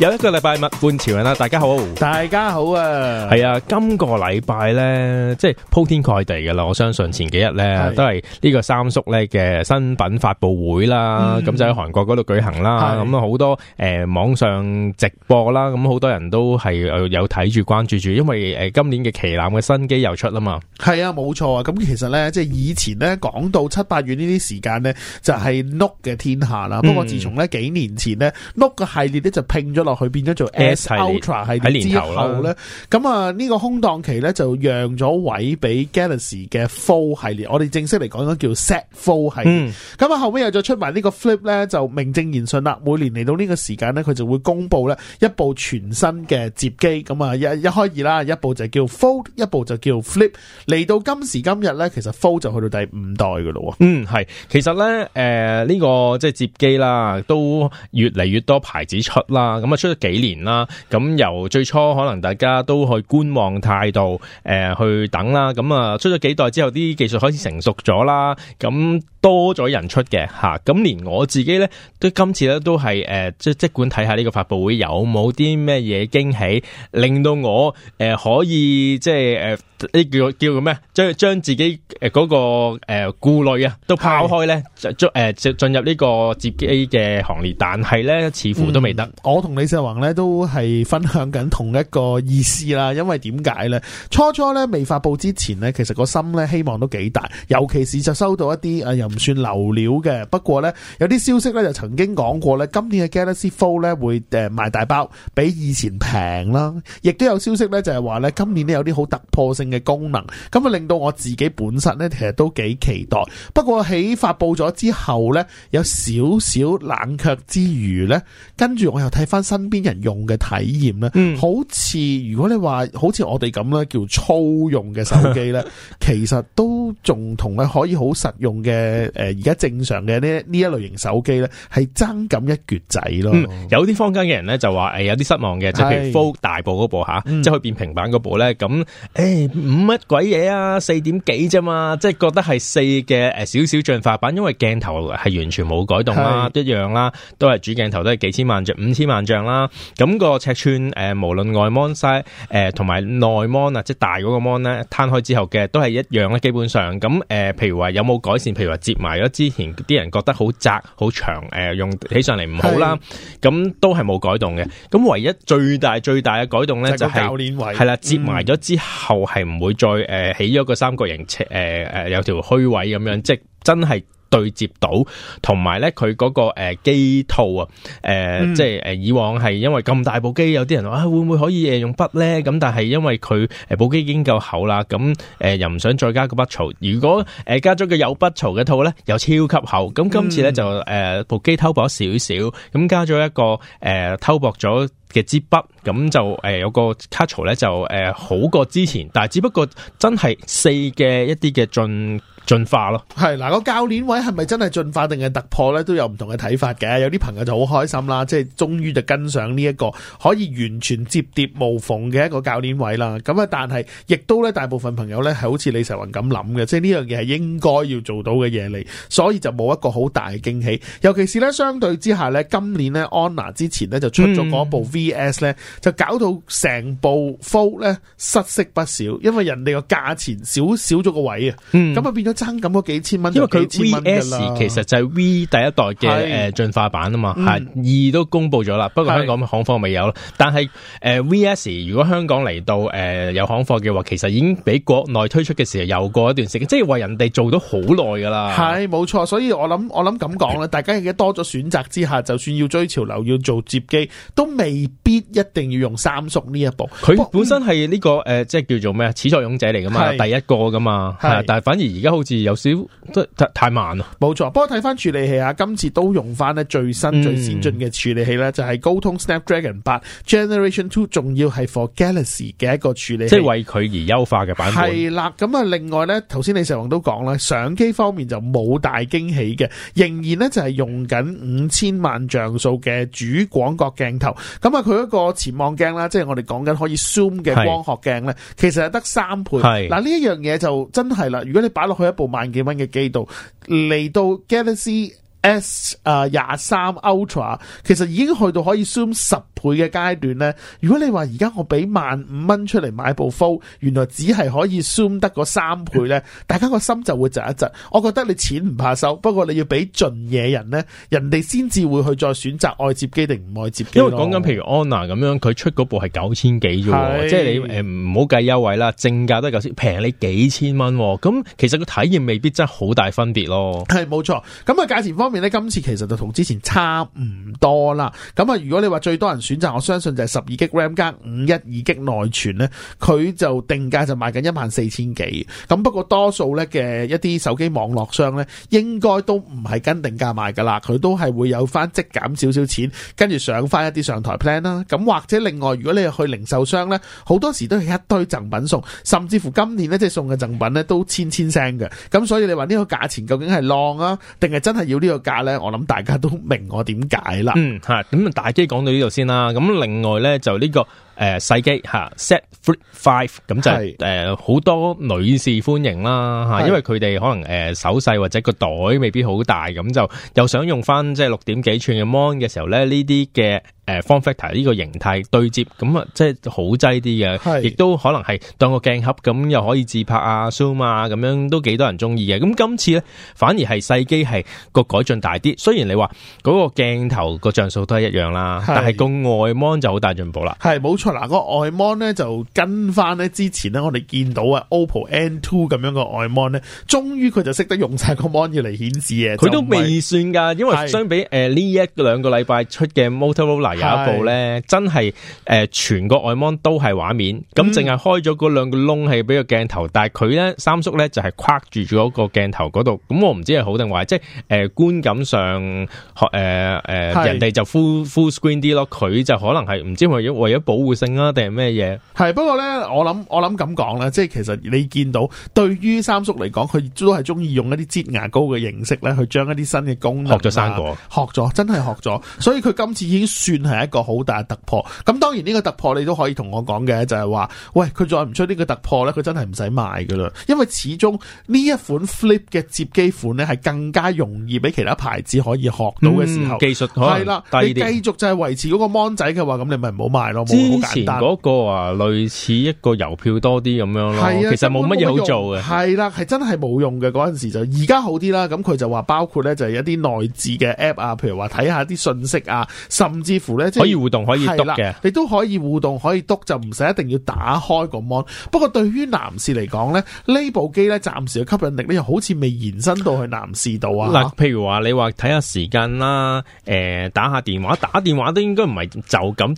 有一個禮拜物玩潮人啦，大家好，大家好啊！係啊，今個禮拜咧，即係鋪天蓋地嘅啦。我相信前幾日咧，都係呢個三叔咧嘅新品發佈會啦，咁、嗯、就喺韓國嗰度舉行啦。咁啊，好多誒、呃、網上直播啦，咁好多人都係有睇住關注住，因為誒今年嘅旗艦嘅新機又出啦嘛。係啊，冇錯啊。咁其實咧，即係以前咧，講到七八月這些間呢啲時間咧，就係 Note 嘅天下啦。嗯、不過自從咧幾年前咧 Note 嘅系列咧就拼咗。落去變咗做 S Ultra 係之後咧，咁啊呢個空檔期咧就讓咗位俾 Galaxy 嘅 Fold 系列，我哋正式嚟講咧叫 Z Fold 系列。咁、嗯、啊後尾又再出埋呢個 Flip 咧，就名正言順啦。每年嚟到呢個時間咧，佢就會公布咧一部全新嘅摺機。咁啊一一開二啦，一部就叫 Fold，一部就叫 Flip。嚟到今時今日咧，其實 Fold 就去到第五代噶咯。嗯，係，其實咧誒呢、呃這個即係摺機啦，都越嚟越多牌子出啦，咁。出咗幾年啦，咁由最初可能大家都去觀望態度，誒、呃、去等啦，咁啊出咗幾代之後，啲技術開始成熟咗啦，咁多咗人出嘅吓，咁、啊、連我自己咧，都今次咧都係誒，即、呃、即管睇下呢個發佈會有冇啲咩嘢驚喜，令到我誒、呃、可以即係誒呢叫叫咩啊？將將自己誒嗰個誒顧慮啊，都拋開咧，進誒進進入呢個接機嘅行列，但係咧似乎都未得、嗯。我同你。其實宏咧都係分享緊同一個意思啦，因為點解咧？初初咧未發佈之前咧，其實個心咧希望都幾大，尤其是就收到一啲誒又唔算流料嘅。不過咧有啲消息咧就曾經講過咧，今年嘅 Galaxy Fold 咧會誒賣大包，比以前平啦。亦都有消息咧就係話咧，今年咧有啲好突破性嘅功能，咁啊令到我自己本身咧其實都幾期待。不過喺發佈咗之後咧，有少少冷卻之餘咧，跟住我又睇翻。身邊人用嘅體驗咧、嗯，好似如果你話好似我哋咁咧，叫粗用嘅手機咧， 其實都仲同咧可以好實用嘅誒，而、呃、家正常嘅呢呢一類型手機咧，係爭咁一橛仔咯。有啲坊間嘅人咧就話誒，有啲、呃、失望嘅，就譬如 Fold 大部嗰部吓、啊嗯，即係變平板嗰部咧，咁誒五乜鬼嘢啊，四點幾啫嘛，即係覺得係四嘅誒，少少進化版，因為鏡頭係完全冇改動啦，一樣啦，都係主鏡頭都係幾千萬像五千萬像啦，咁個尺寸誒、呃，無論外芒晒誒，同埋內芒，啊，即係大嗰個芒咧，攤開之後嘅都係一樣咧，基本上咁誒、呃，譬如話有冇改善？譬如話摺埋咗之前啲人覺得好窄、好長誒，用、呃、起上嚟唔好啦，咁都係冇改動嘅。咁唯一最大、最大嘅改動咧、就是，就係鉸鏈位，係啦，摺埋咗之後係唔會再誒、嗯呃、起咗個三角形，誒、呃、誒、呃、有條虛位咁樣，即真係。對接到，同埋咧佢嗰個誒機套啊、呃嗯，即係以往係因為咁大部機，有啲人話會會唔會可以用筆咧？咁但係因為佢誒部機已經夠厚啦，咁、呃、又唔想再加個筆槽。如果加咗個有筆槽嘅套咧，又超級厚。咁今次咧、嗯、就誒、呃、部機偷薄少少，咁加咗一個誒、呃、偷薄咗嘅支筆，咁就誒、呃、有個卡槽咧就、呃、好過之前，但係只不過真係四嘅一啲嘅進進化咯，係嗱、那個鉸鍊位係咪真係進化定係突破咧？都有唔同嘅睇法嘅。有啲朋友就好開心啦，即係終於就跟上呢、這、一個可以完全摺疊無縫嘅一個鉸鍊位啦。咁啊，但係亦都咧，大部分朋友咧係好似李世雲咁諗嘅，即係呢樣嘢係應該要做到嘅嘢嚟，所以就冇一個好大嘅驚喜。尤其是咧，相對之下咧，今年咧 Honor 之前咧就出咗嗰部 V S 咧、嗯，就搞到成部 Fold 咧失色不少，因為人哋個價錢少少咗個位啊，咁、嗯、啊變咗。爭咁多幾千蚊，因為佢 V S 其實就係 V 第一代嘅誒進化版啊嘛，係、嗯、二都公布咗啦。不過香港嘅行貨未有咯，但係誒、呃、V S 如果香港嚟到誒、呃、有行貨嘅話，其實已經比國內推出嘅時候又過一段時間，即係為人哋做咗好耐噶啦。係冇錯，所以我諗我諗咁講啦，大家而家多咗選擇之下，就算要追潮流，要做接機，都未必一定要用三叔呢一部。佢本身係呢、這個誒，即、呃、係叫做咩始作俑者嚟噶嘛，第一個噶嘛，但係反而而家好。字有少都太慢冇錯，不過睇翻處理器啊，今次都用翻呢最新最先進嘅處理器呢、嗯、就係、是、高通 Snapdragon 八 Generation Two，仲要係 For Galaxy 嘅一個處理器，即係為佢而優化嘅版本。係啦，咁啊，另外呢，頭先李石王都講啦，相機方面就冇大驚喜嘅，仍然呢就係、是、用緊五千萬像素嘅主廣角鏡頭。咁啊，佢一個潛望鏡啦，即係我哋講緊可以 zoom 嘅光學鏡呢，其實係得三倍。嗱呢一樣嘢就真係啦，如果你擺落去部萬幾蚊嘅機度嚟到 Galaxy S 誒廿三 Ultra 其實已經去到可以 Zoom 十。倍嘅階段呢？如果你話而家我俾萬五蚊出嚟買部 Fold 原來只係可以 zoom 得嗰三倍呢，大家個心就會窒一窒。我覺得你錢唔怕收，不過你要俾盡嘢人呢，人哋先至會去再選擇愛接機定唔愛接機。因為講緊譬如 Honor 咁樣，佢出嗰部係九千幾啫，即係你唔好計優惠啦，正價都係九千，平你幾千蚊，咁其實個體驗未必真係好大分別咯。係冇錯，咁啊價錢方面呢，今次其實就同之前差唔多啦。咁啊，如果你話最多人選。我相信就係十二吉 RAM 加五一二吉內存咧，佢就定價就賣緊一萬四千幾。咁不過多數咧嘅一啲手機網絡商咧，應該都唔係跟定價賣噶啦，佢都係會有翻即減少少少錢，跟住上翻一啲上台 plan 啦。咁或者另外，如果你去零售商咧，好多時都係一堆贈品送，甚至乎今年咧即係送嘅贈品咧都千千聲嘅。咁所以你話呢個價錢究竟係浪啊，定係真係要呢個價咧？我諗大家都明我點解啦。嗯，咁大機講到呢度先啦。這個呃、啊，咁另外咧就呢個誒細機吓 set flip five，咁就誒好多女士歡迎啦吓，因為佢哋可能誒、呃、手細或者個袋未必好大，咁就又想用翻即係六點幾吋嘅 mon 嘅時候咧，呢啲嘅。誒 Form factor 呢個形態對接，咁啊，即係好劑啲嘅，亦都可能係當個鏡盒，咁又可以自拍啊、zoom 啊，咁樣都幾多人中意嘅。咁今次咧，反而係細機係個改進大啲。雖然你話嗰個鏡頭個像素都係一樣啦，但係，個外芒就好大進步啦。係冇錯啦，個外芒咧就跟翻咧之前咧我哋見到啊，OPPO N2 咁樣個外芒咧，終於佢就識得用晒個芒要嚟顯示嘅。佢都未算噶，因為相比誒呢一兩個禮拜出嘅 Motorola。有一部咧，真係誒、呃，全個外框都係畫面，咁淨係開咗嗰兩個窿，係俾個鏡頭。但係佢咧，三叔咧就係、是、框住咗個鏡頭嗰度。咁、嗯、我唔知係好定壞，即係誒、呃、觀感上，誒、呃、誒、呃，人哋就 full full screen 啲咯。佢就可能係唔知為咗為咗保護性啊定係咩嘢？係不過咧，我諗我諗咁講啦，即係其實你見到對於三叔嚟講，佢都係中意用一啲擠牙膏嘅形式咧，去將一啲新嘅功能學咗生果，學咗真係學咗，所以佢今次已經算係一個好大嘅突破，咁當然呢個突破你都可以同我講嘅，就係話，喂，佢再唔出呢個突破咧，佢真係唔使賣噶啦，因為始終呢一款 Flip 嘅摺機款咧，係更加容易俾其他牌子可以學到嘅時候，嗯、技術係啦，你繼續就係維持嗰個芒仔嘅話，咁你咪唔好賣咯。之前嗰個啊，類似一個郵票多啲咁樣咯，啊，其實冇乜嘢好做嘅。係啦，係真係冇用嘅嗰陣時就，而家好啲啦，咁佢就話包括咧就係一啲內置嘅 app 啊，譬如話睇下啲信息啊，甚至乎。可以互動可以督嘅，你都可以互動可以督，就唔使一定要打開個 mon。不過對於男士嚟講咧，呢部機咧暫時嘅吸引力咧又好似未延伸到去男士度啊。嗱，譬如話你話睇下時間啦，誒，打下電話，打電話都應該唔係就咁。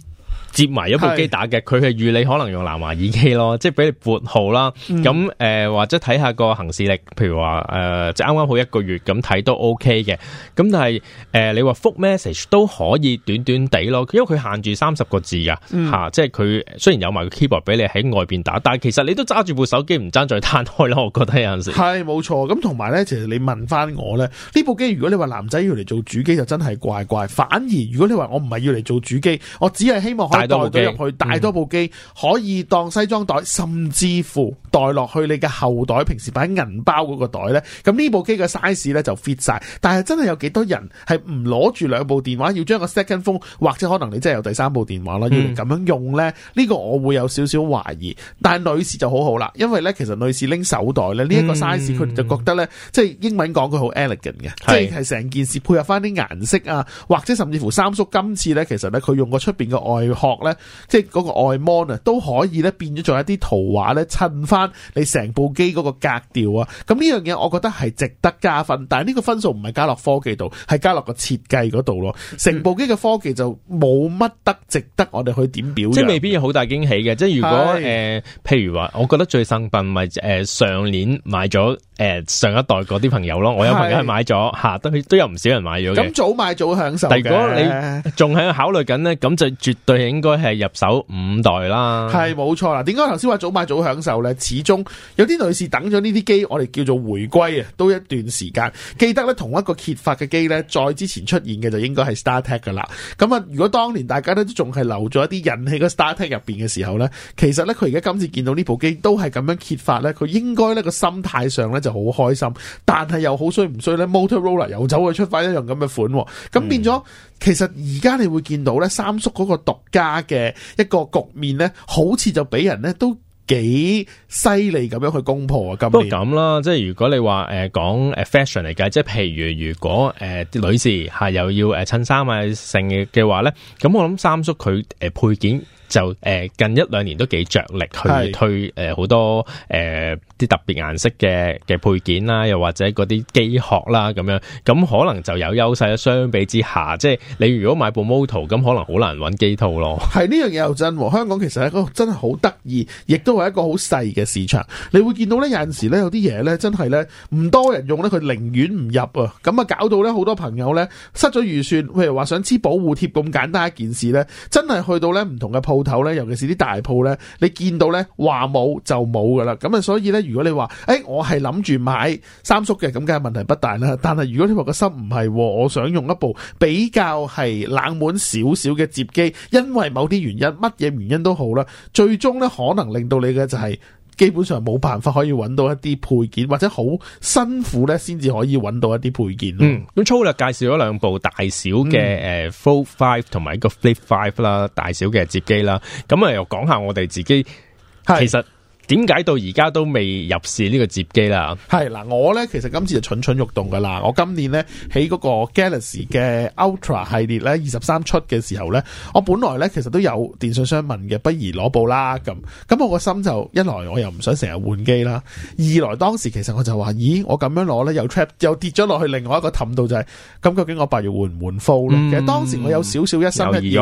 接埋一部機打嘅，佢係預你可能用藍牙耳機咯，即係俾你撥號啦。咁、嗯、誒、呃、或者睇下個行事曆，譬如話誒、呃、即啱啱好一個月咁睇都 OK 嘅。咁但係誒、呃、你話覆 message 都可以短短地咯，因為佢限住三十個字、嗯、啊吓。即係佢雖然有埋個 keyboard 俾你喺外邊打，但係其實你都揸住部手機唔爭在攤開咯。我覺得有陣時係冇錯。咁同埋咧，其實你問翻我咧，呢部機如果你話男仔要嚟做主機就真係怪怪。反而如果你話我唔係要嚟做主機，我只係希望。帶多部機入去，帶多部機可以當西裝袋，甚至乎帶落去你嘅後袋，平時擺銀包嗰個袋呢，咁呢部機嘅 size 呢，就 fit 晒。但係真係有幾多人係唔攞住兩部電話，要將個 second phone 或者可能你真係有第三部電話啦要咁樣用呢？呢、呢個我會有少少懷疑。但女士就好好啦，因為呢其實女士拎手袋呢，呢、呢、一個 size 佢哋就覺得呢，即、嗯、係、就是、英文講佢好 elegant 嘅，即係成件事配合翻啲顏色啊，或者甚至乎三叔今次呢，其實呢佢用個出邊嘅外殼殼咧，即係嗰個外模啊，都可以咧變咗做一啲圖畫咧，襯翻你成部機嗰個格調啊。咁呢樣嘢，我覺得係值得加分。但係呢個分數唔係加落科技度，係加落個設計嗰度咯。成、嗯、部機嘅科技就冇乜得值得我哋去點表揚。即係未必要好大驚喜嘅。即係如果誒、呃，譬如話，我覺得最幸運咪誒上年買咗。誒，上一代嗰啲朋友咯，我有朋友係買咗吓，都都有唔少人買咗嘅。咁早買早享受。如果你仲喺度考慮緊呢，咁就絕對應該係入手五代啦。係冇錯啦。點解頭先話早買早享受呢？始終有啲女士等咗呢啲機，我哋叫做回歸啊，都一段時間。記得呢同一個揭發嘅機呢，再之前出現嘅就應該係 StarTAC 噶啦。咁啊，如果當年大家都仲係留咗一啲人氣個 StarTAC 入邊嘅時候呢，其實呢，佢而家今次見到呢部機都係咁樣揭發呢，佢應該呢個心態上呢。就好開心，但係又好衰唔衰咧？Motorola 又走去出返一樣咁嘅款，咁變咗，嗯，其實而家你會見到咧，三叔嗰個獨家嘅一個局面咧，好似就俾人咧都幾犀利咁樣去攻破啊！今年都咁啦，即係如果你話誒講誒 fashion 嚟嘅，即係譬如如果誒、呃、女士係又要誒襯、呃、衫啊成嘅話咧，咁我諗三叔佢誒配件就誒、呃、近一兩年都幾着力去推誒好、呃、多誒。呃啲特別顏色嘅嘅配件啦，又或者嗰啲機殼啦咁樣，咁可能就有優勢啦。相比之下，即係你如果買部 Moto 咁可能好難揾機套咯。係呢樣嘢又真，香港其實係一個真係好得意，亦都係一個好細嘅市場。你會見到咧，有陣時咧，有啲嘢咧，真係咧唔多人用咧，佢寧願唔入啊。咁啊，搞到咧好多朋友咧，失咗預算，譬如話想黐保護貼咁簡單一件事咧，真係去到咧唔同嘅鋪頭咧，尤其是啲大鋪咧，你見到咧話冇就冇㗎喇。咁啊，所以咧。如果你話誒，我係諗住買三叔嘅，咁梗係問題不大啦。但係如果你話個心唔係，我想用一部比較係冷門少少嘅摺機，因為某啲原因，乜嘢原因都好啦，最終呢可能令到你嘅就係基本上冇辦法可以揾到一啲配件，或者好辛苦呢先至可以揾到一啲配件。嗯，咁粗略介紹咗兩部大小嘅誒，Fold 5同埋一個 Flip 5啦，大小嘅摺機啦。咁啊又講下我哋自己，其實。點解到而家都未入市呢個接機啦？係嗱，我呢其實今次就蠢蠢欲動噶啦。我今年呢，喺嗰個 Galaxy 嘅 Ultra 系列呢，二十三出嘅時候呢，我本來呢其實都有電訊商問嘅，不如攞部啦咁。咁我個心就一來我又唔想成日換機啦，二來當時其實我就話，咦，我咁樣攞呢？又 trap 又跌咗落去另外一個氹度就係、是、咁究竟我八月換唔換 Fold 咧、嗯？其實當時我有少少一心一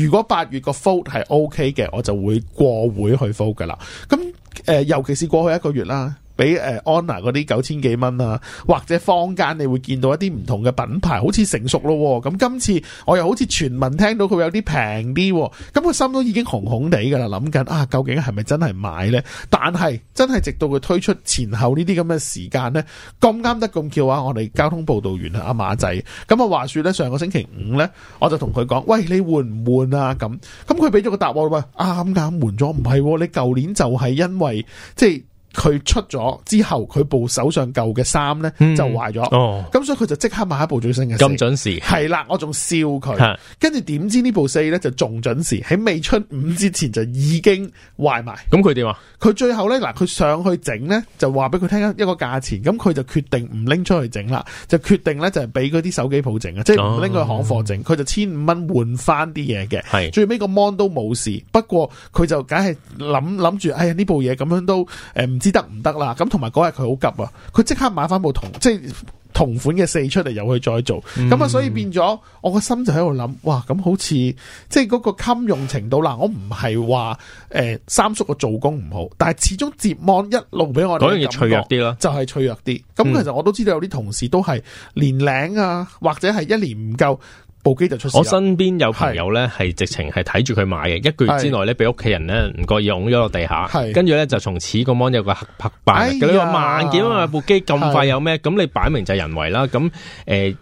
意，如果八月個 Fold 係 OK 嘅，我就會過會去 Fold 噶啦。咁誒、呃，尤其是過去一個月啦。俾 Honor 嗰啲九千幾蚊啊，或者坊間你會見到一啲唔同嘅品牌，好似成熟咯。咁今次我又好似全民聽到佢有啲平啲，咁佢心都已經紅紅地噶啦，諗緊啊，究竟係咪真係買呢？但係真係直到佢推出前後呢啲咁嘅時間呢，咁啱得咁巧啊！我哋交通報道員阿馬仔，咁啊話說呢，上個星期五呢，我就同佢講，喂，你換唔換啊？咁咁佢俾咗個答案喂，啱啱、啊、換咗，唔係、啊、你舊年就係因為即係佢出咗之後，佢部手上舊嘅三咧就壞咗，咁、嗯哦、所以佢就即刻買一部最新嘅。咁準時？係啦，我仲笑佢。跟住點知呢部四咧就仲準時喺未出五之前就已經壞埋。咁佢點啊？佢最後咧嗱，佢上去整咧就話俾佢聽一個價錢，咁佢就決定唔拎出去整啦，就決定咧、哦、就係俾嗰啲手機鋪整啊，即係唔拎去行貨整。佢就千五蚊換翻啲嘢嘅。係最尾個 mon 都冇事，不過佢就梗係諗諗住，哎呀呢部嘢咁樣都誒。嗯知得唔得啦？咁同埋嗰日佢好急啊！佢即刻買翻部同即係同款嘅四出嚟，又去再做。咁啊，所以變咗我個心就喺度諗：哇！咁好似即係嗰個襟用程度啦。我唔係話誒三叔個做工唔好，但係始終接望一路俾我哋。嗰樣嘢脆弱啲咯，就係脆弱啲。咁其實我都知道有啲同事都係年零啊，或者係一年唔夠。部機就出事。我身邊有朋友咧，係直情係睇住佢買嘅，一個月之內咧，俾屋企人咧唔覺意㧬咗落地下。係，跟住咧就從此個 mon 有個黑斑。哎呀！你話萬幾蚊部機咁快有咩？咁你擺明就係人為啦。咁誒、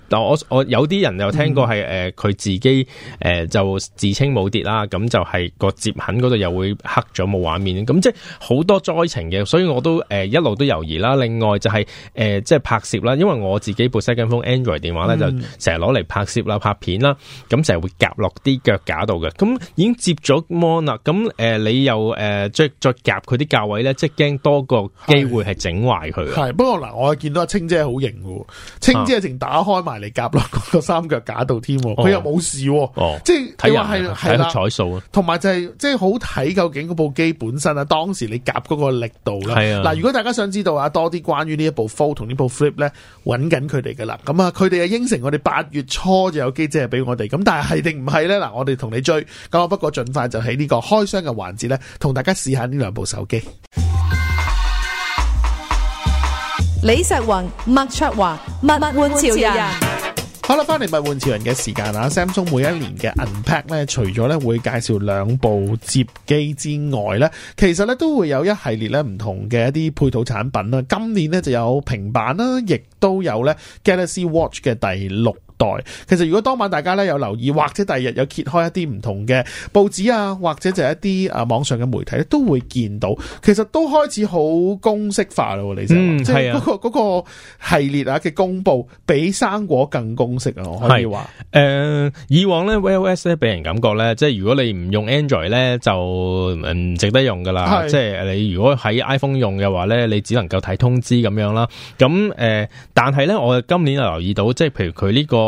呃，我我有啲人又聽過係誒，佢、呃、自己誒、呃、就自稱冇跌啦。咁就係個摺痕嗰度又會黑咗冇畫面。咁即係好多災情嘅，所以我都誒、呃、一路都猶疑啦。另外就係誒即係拍攝啦，因為我自己部 second phone Android 電話咧、嗯，就成日攞嚟拍攝啦，拍片啦，咁就係會夾落啲腳架度嘅，咁已經接咗 mon 啦，咁誒、呃、你又誒即、呃、再夾佢啲價位咧，即係驚多個機會係整壞佢。係，不過嗱，我見到阿青姐好型喎。青、啊、姐係淨打開埋嚟夾落個三腳架度添，佢、啊、又冇事、啊。哦、啊，即係睇話係係彩數啊，同埋就係即係好睇究竟嗰部機本身啊，當時你夾嗰個力度啦。係啊，嗱，如果大家想知道啊多啲關於呢一部 fold 同呢部 flip 咧，揾緊佢哋噶啦，咁啊，佢哋又應承我哋八月初就有機。誒，俾我哋咁，但係係定唔係咧？嗱，我哋同你追咁，不過盡快就喺呢個開箱嘅環節咧，同大家試下呢兩部手機。李石雲、麥卓華、物、物玩潮人，好啦，翻嚟，物玩潮人嘅時間啊！Samsung 每一年嘅 Unpack 咧，除咗咧會介紹兩部摺機，之外咧，其實咧都會有一系列咧唔同嘅一啲配套產品啦。今年咧就有平板啦，亦都有咧 Galaxy Watch 嘅第六。代其實如果當晚大家咧有留意，或者第二日有揭開一啲唔同嘅報紙啊，或者就係一啲誒網上嘅媒體咧，都會見到，其實都開始好公式化咯，你、嗯、生，即係嗰、嗰個嘅、嗰個系列啊嘅公布比生果更公式咯，我可以話誒、呃，以往咧，Wear OS 咧俾人感覺咧，即係如果你唔用 Android 咧，就唔值得用噶啦，即係你如果喺 iPhone 用嘅話咧，你只能夠睇通知咁樣啦。咁誒、呃，但係咧，我今年又留意到，即係譬如佢呢、這個。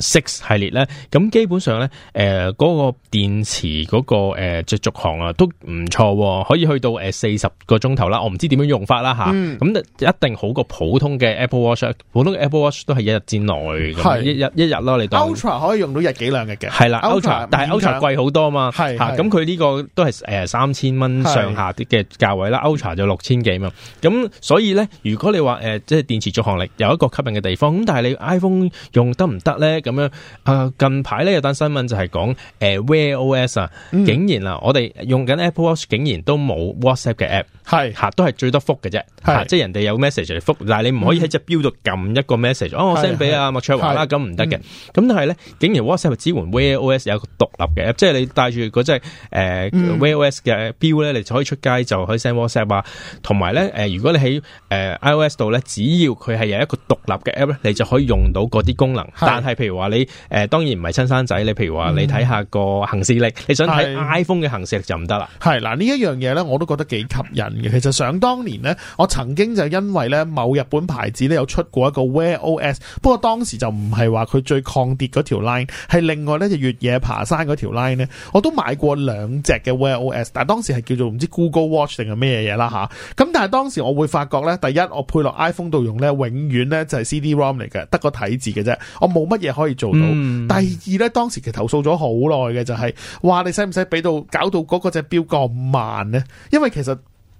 Six 系列咧，咁基本上咧，誒、呃、嗰、那個電池嗰、那個誒即、呃、續航啊，都唔錯，可以去到誒四十個鐘頭啦。我唔知點樣用法啦吓，咁、嗯嗯、一定好過普通嘅 Apple Watch，普通嘅 Apple Watch 都係一日之內，係一,一,一日一日咯，你。Ultra 可以用到日幾兩日嘅，係啦，Ultra，但係 Ultra 貴好多啊嘛，係吓，咁佢呢個都係誒三千蚊上下啲嘅價位啦，Ultra 就六千幾嘛，咁所以咧，如果你話誒、呃、即係電池續航力有一個吸引嘅地方，咁但係你 iPhone 用得唔得咧？咁樣啊，近排咧有單新聞就係講誒，wear OS 啊，嗯、竟然啊，我哋用緊 Apple Watch 竟然都冇 WhatsApp 嘅 app，係吓、啊、都係最多覆嘅啫，即係人哋有 message 嚟覆。但係你唔可以喺隻錶度撳一個 message，哦、嗯啊，我 send 俾阿麥卓華啦，咁唔得嘅，咁、啊嗯、但係咧，竟然 WhatsApp 嘅支援 wear OS 有一個獨立嘅 App、嗯、即係你帶住嗰隻誒 wear OS 嘅錶咧，你就可以出街就可以 send WhatsApp 啊，同埋咧誒，如果你喺誒、呃、iOS 度咧，只要佢係有一個獨立嘅 app 咧，你就可以用到嗰啲功能，嗯、但係譬如。話你誒、呃，當然唔係親生仔。你譬如話你睇下個行事力，嗯、你想睇 iPhone 嘅行事力就唔得啦。係嗱呢一樣嘢咧，我都覺得幾吸引嘅。其實想當年呢，我曾經就因為咧某日本牌子咧有出過一個 Wear OS，不過當時就唔係話佢最抗跌嗰條 line，係另外咧就越野爬山嗰條 line 咧，我都買過兩隻嘅 Wear OS，但係當時係叫做唔知 Google Watch 定係咩嘢嘢啦吓。咁、啊、但係當時我會發覺咧，第一我配落 iPhone 度用咧，永遠咧就係 CD-ROM 嚟嘅，得個睇字嘅啫，我冇乜嘢可以。可以做到。第二咧，當時其實投訴咗好耐嘅就係、是，話你使唔使俾到，搞到嗰個隻錶咁慢呢？因為其實，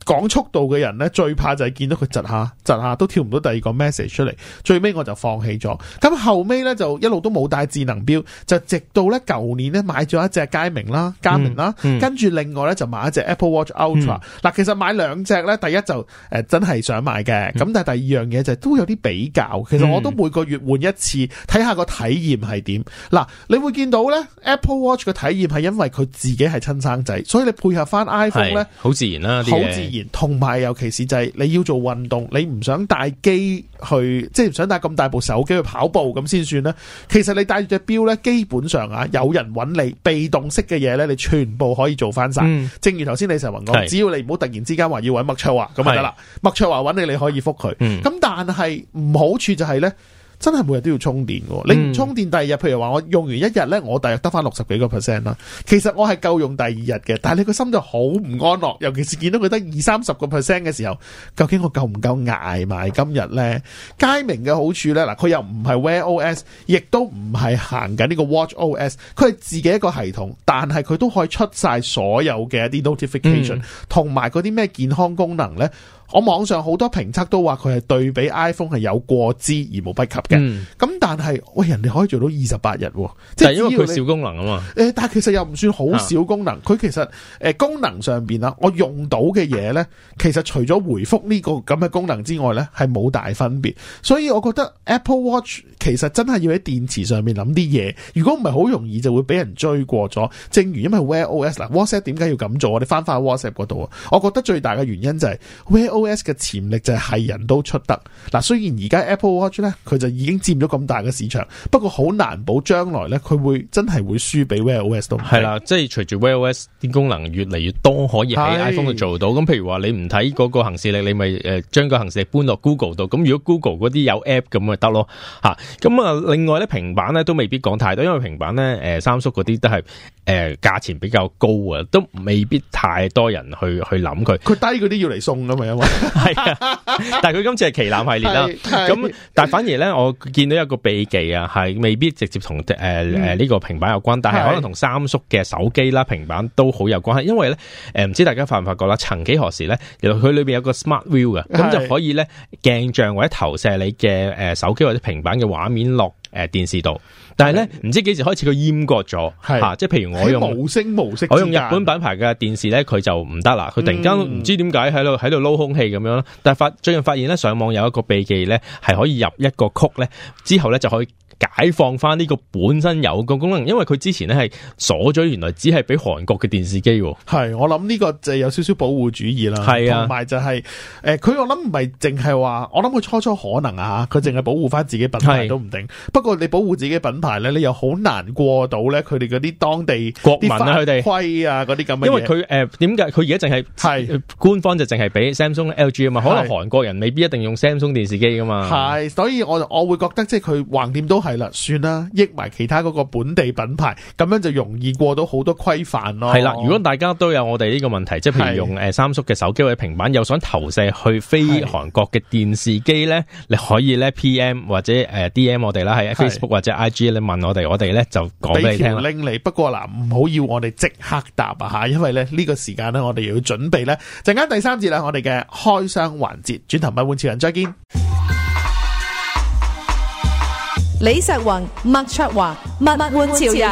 講速度嘅人呢，最怕就係見到佢窒下窒下都跳唔到第二個 message 出嚟，最尾我就放棄咗。咁後尾呢，就一路都冇戴智能錶，就直到呢舊年呢買咗一隻佳明啦，佳明啦，跟、嗯、住、嗯、另外呢就買一隻 Apple Watch Ultra。嗱、嗯，其實買兩隻呢，第一就誒真係想買嘅，咁但係第二樣嘢就都有啲比較。其實我都每個月換一次，睇下個體驗係點。嗱，你會見到呢 Apple Watch 嘅體驗係因為佢自己係親生仔，所以你配合翻 iPhone 呢，好自然啦、啊，好自然、啊。同埋，尤其是就係你要做運動，你唔想帶機去，即係唔想帶咁大部手機去跑步咁先算啦。其實你帶住隻表咧，基本上啊，有人揾你，被動式嘅嘢咧，你全部可以做翻晒、嗯。正如頭先李成文講，只要你唔好突然之間話要揾麥卓華咁就得啦，麥卓華揾你，你可以覆佢。咁、嗯、但係唔好處就係、是、呢。真係每日都要充電，你唔充電，第二日，譬如話我用完一日呢，我第日得翻六十幾個 percent 啦。其實我係夠用第二日嘅，但係你個心就好唔安樂，尤其是見到佢得二三十個 percent 嘅時候，究竟我夠唔夠挨埋今日呢？佳明嘅好處呢，嗱，佢又唔係 wear OS，亦都唔係行緊呢個 watch OS，佢係自己一個系統，但係佢都可以出晒所有嘅一啲 notification，同埋嗰啲咩健康功能呢。我網上好多評測都話佢係對比 iPhone 係有過之而無不及嘅，咁、嗯、但係喂，人哋可以做到二十八日，即係因為佢少功能啊嘛。但係其實又唔算好少功能，佢、啊、其實、呃、功能上面啦，我用到嘅嘢咧，其實除咗回覆呢個咁嘅功能之外咧，係冇大分別。所以我覺得 Apple Watch 其實真係要喺電池上面諗啲嘢，如果唔係好容易就會俾人追過咗。正如因為 Wear OS 嗱，WhatsApp 點解要咁做？我哋翻翻 WhatsApp 嗰度啊，我覺得最大嘅原因就係 Wear O.S. 嘅潛力就係人都出得嗱，雖然而家 Apple Watch 咧，佢就已經佔咗咁大嘅市場，不過好難保將來咧，佢會真係會輸俾 Wear OS 都係啦，即係隨住 Wear OS 啲功能越嚟越多，可以喺 iPhone 度做到。咁譬如話你唔睇嗰個行事曆，你咪誒將個行事曆搬落 Google 度。咁如果 Google 嗰啲有 App 咁咪得咯吓。咁啊，另外咧平板咧都未必講太多，因為平板咧誒三叔嗰啲都係。誒，價錢比較高啊，都未必太多人去去諗佢。佢低嗰啲要嚟送噶嘛，係 啊 但係佢今次係旗艦系列啦。咁但係反而咧，我見到有個秘技啊，係未必直接同誒誒呢個平板有關，但係可能同三叔嘅手機啦、平板都好有關係。因為咧，誒、呃、唔知大家發唔發覺啦？曾幾何時咧，原來佢裏邊有個 Smart View 嘅，咁就可以咧鏡像或者投射你嘅誒手機或者平板嘅畫面落誒電視度。但係咧，唔知幾時開始佢閹割咗，即係、啊、譬如我用無聲模式我用日本品牌嘅電視咧，佢就唔得啦，佢突然間唔知點解喺度喺度撈空氣咁樣啦。但係發最近發現咧，上網有一個秘技咧，係可以入一個曲咧，之後咧就可以。解放翻，呢個本身有個功能，因為佢之前咧係鎖咗，原來只係俾韓國嘅電視機。係，我諗呢個就有少少保護主義啦。係啊，同埋就係、是、誒，佢、呃、我諗唔係淨係話，我諗佢初初可能啊，佢淨係保護翻自己品牌都唔定。不過你保護自己品牌咧，你又好難過到咧佢哋嗰啲當地國民啊，佢哋規啊嗰啲咁嘅。因為佢誒點解佢而家淨係係官方就淨係俾 Samsung、LG 啊嘛，可能韓國人未必一定用 Samsung 電視機噶嘛。係，所以我我會覺得即係佢橫掂都係啦，算啦，益埋其他嗰個本地品牌，咁樣就容易過到好多規範咯。係啦，如果大家都有我哋呢個問題，即係譬如用誒三叔嘅手機或者平板，又想投射去非韓國嘅電視機呢，你可以咧 P M 或者誒 D M 我哋啦，喺 Facebook 或者 I G 呢問我哋，我哋呢就講俾你聽。令你，不過嗱，唔好要我哋即刻答啊吓，因為呢個時間呢，我哋又要準備呢。陣間第三節啦，我哋嘅開箱環節，轉頭咪換潮人再見。李石雲、麥卓華、物玩潮人，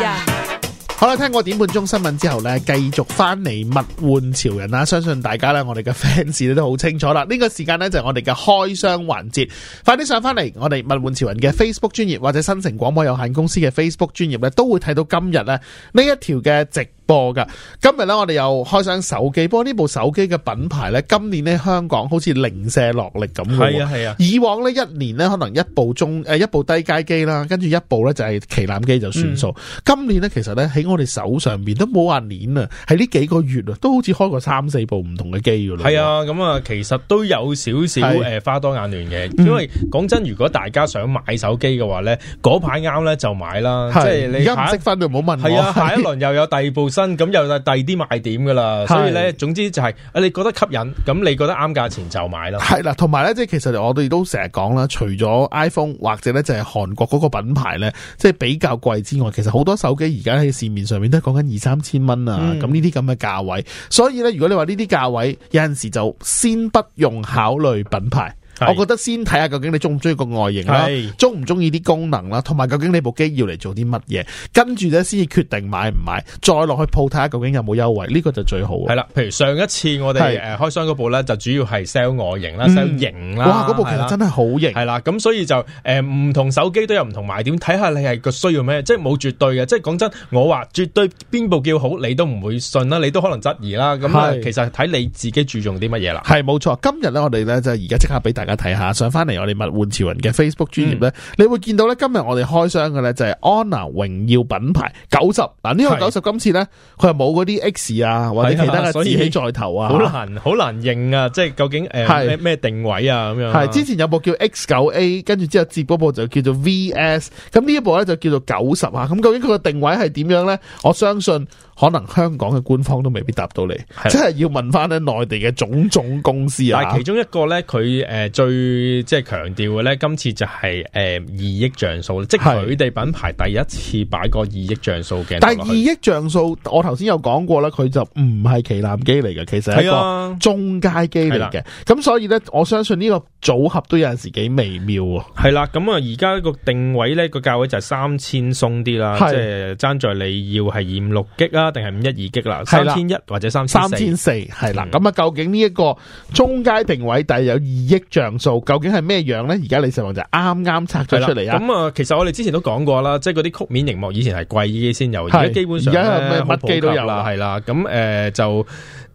好啦，聽過點半鐘新聞之後咧，繼續翻嚟物玩潮人啦。相信大家咧，我哋嘅 fans 都好清楚啦。呢個時間咧就係我哋嘅開箱環節，快啲上翻嚟！我哋物玩潮人嘅 Facebook 專頁或者新城廣播有限公司嘅 Facebook 專頁咧，都會睇到今日咧呢一條嘅直播噶，今日咧我哋又開上手機。不過呢部手機嘅品牌咧，今年咧香港好似零舍落力咁嘅。係啊係啊，以往咧一年咧可能一部中誒一部低階機啦，跟住一部咧就係旗艦機就算數。今年咧其實咧喺我哋手上邊都冇話鏈啊，喺呢幾個月啊都好似開過三四部唔同嘅機噶啦。係啊，咁啊其實都有少少誒花多眼亂嘅，因為講真，如果大家想買手機嘅話咧，嗰排啱咧就買啦。即係你而家唔識返，冇問題，下一輪又有第二部。咁又係第二啲賣點噶啦，所以咧，總之就係你覺得吸引，咁你覺得啱價錢就買啦。係啦，同埋咧，即係其實我哋都成日講啦，除咗 iPhone 或者咧就係韓國嗰個品牌咧，即係比較貴之外，其實好多手機而家喺市面上面都係講緊二三千蚊啊，咁呢啲咁嘅價位，所以咧，如果你話呢啲價位，有陣時就先不用考慮品牌。我覺得先睇下究竟你中唔中意個外形啦，中唔中意啲功能啦，同埋究竟你部機要嚟做啲乜嘢，跟住咧先至決定買唔買，再落去鋪睇下究竟有冇優惠，呢個就最好係啦。譬如上一次我哋誒開箱嗰部咧，就主要係 sell 外形啦，sell 型啦，嗯。哇，嗰部其實真係好型。係啦，咁所以就誒唔同手機都有唔同賣點，睇下你係個需要咩，即係冇絕對嘅。即係講真，我話絕對邊部叫好，你都唔會信啦，你都可能質疑啦。咁其實睇你自己注重啲乜嘢啦。係冇錯，今日咧我哋咧就而家即刻俾大家，大家睇下，上翻嚟我哋物玩潮人嘅 Facebook 專頁咧，你會見到咧今日我哋開箱嘅咧就係 Honor 榮耀品牌九十，嗱呢個九十今次咧，佢係冇嗰啲 X 啊或者其他嘅字起在頭啊，好難好難認啊，即係究竟誒咩咩定位啊咁樣。係之前有部叫 X 九 A，跟住之後接嗰部就叫做 VS，咁呢一部咧就叫做九十啊，咁究竟佢個定位係點樣咧？我相信。可能香港嘅官方都未必答到你，即係要問翻咧內地嘅種種公司啊。其中一個咧，佢誒、呃、最即係強調嘅咧，今次就係誒二億像素，是即係佢哋品牌第一次擺過二億像素鏡。但係二億像素，嗯、我頭先有講過啦，佢就唔係旗艦機嚟嘅，其實係個中階機嚟嘅。咁所以咧，我相信呢個組合都有陣時幾微妙。係啦，咁啊而家個定位咧個價位就係三千鬆啲啦，即係爭在你要係二五六 G 啊。一定係五一二 G 啦，三千一或者三千四，三千四係啦。咁啊，嗯嗯、究竟呢一個中階定位，但係有二億像素，究竟係咩樣咧？而家李世宏就啱啱拆咗出嚟。咁啊，其實我哋之前都講過啦，即係嗰啲曲面熒幕以前係貴機先有，而家基本上而家乜機都有啦，係啦。咁誒、呃、就。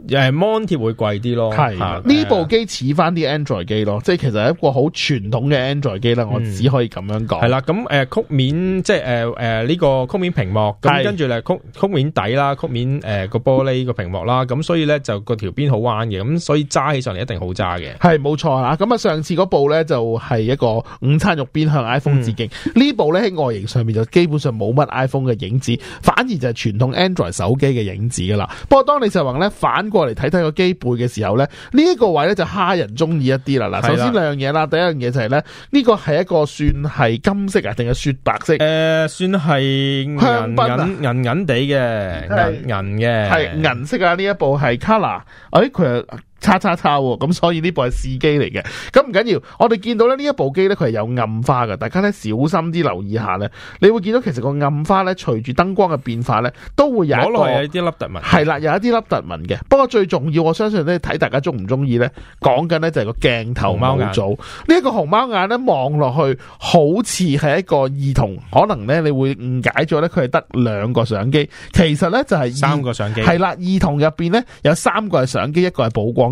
誒、呃、Mon 貼會貴啲咯，係呢、啊、部機似翻啲 Android 機咯，即係其實一個好傳統嘅 Android 機啦、嗯。我只可以咁樣講係啦。咁誒、呃、曲面即係誒呢個曲面屏幕，咁跟住咧曲曲面底啦，曲面誒個、呃、玻璃個屏幕啦，咁、嗯、所以咧就個條邊好彎嘅，咁所以揸起上嚟一定好揸嘅。係冇錯啦。咁啊上次嗰部咧就係、是、一個午餐肉邊向 iPhone 致敬，嗯、部呢部咧喺外形上面就基本上冇乜 iPhone 嘅影子，反而就係傳統 Android 手機嘅影子噶啦。不過當你就話咧反。過嚟睇睇個機背嘅時候咧，呢、這、一個位咧就蝦人中意一啲啦。嗱，首先兩樣嘢啦，第一樣嘢就係、是、咧，呢、這個係一個算係金色啊，定係雪白色？誒、呃，算係香檳銀銀銀地嘅銀嘅，係銀色啊！呢一部係 color，誒、哎，佢。叉叉叉喎，咁所以呢部係試機嚟嘅，咁唔緊要緊。我哋見到咧呢一部機咧，佢係有暗花嘅，大家咧小心啲留意下咧。你會見到其實個暗花咧，隨住燈光嘅變化咧，都會有一啲凹凸紋。係啦，有一啲凹凸紋嘅。不過最重要，我相信咧睇大家鍾唔鍾意咧，講緊咧就係個鏡頭模組呢一個熊貓眼咧望落去，好似係一個兒童，可能咧你會誤解咗咧佢係得兩個相機，其實咧就係三個相機。係啦，兒童入邊咧有三個係相機，一個係補光，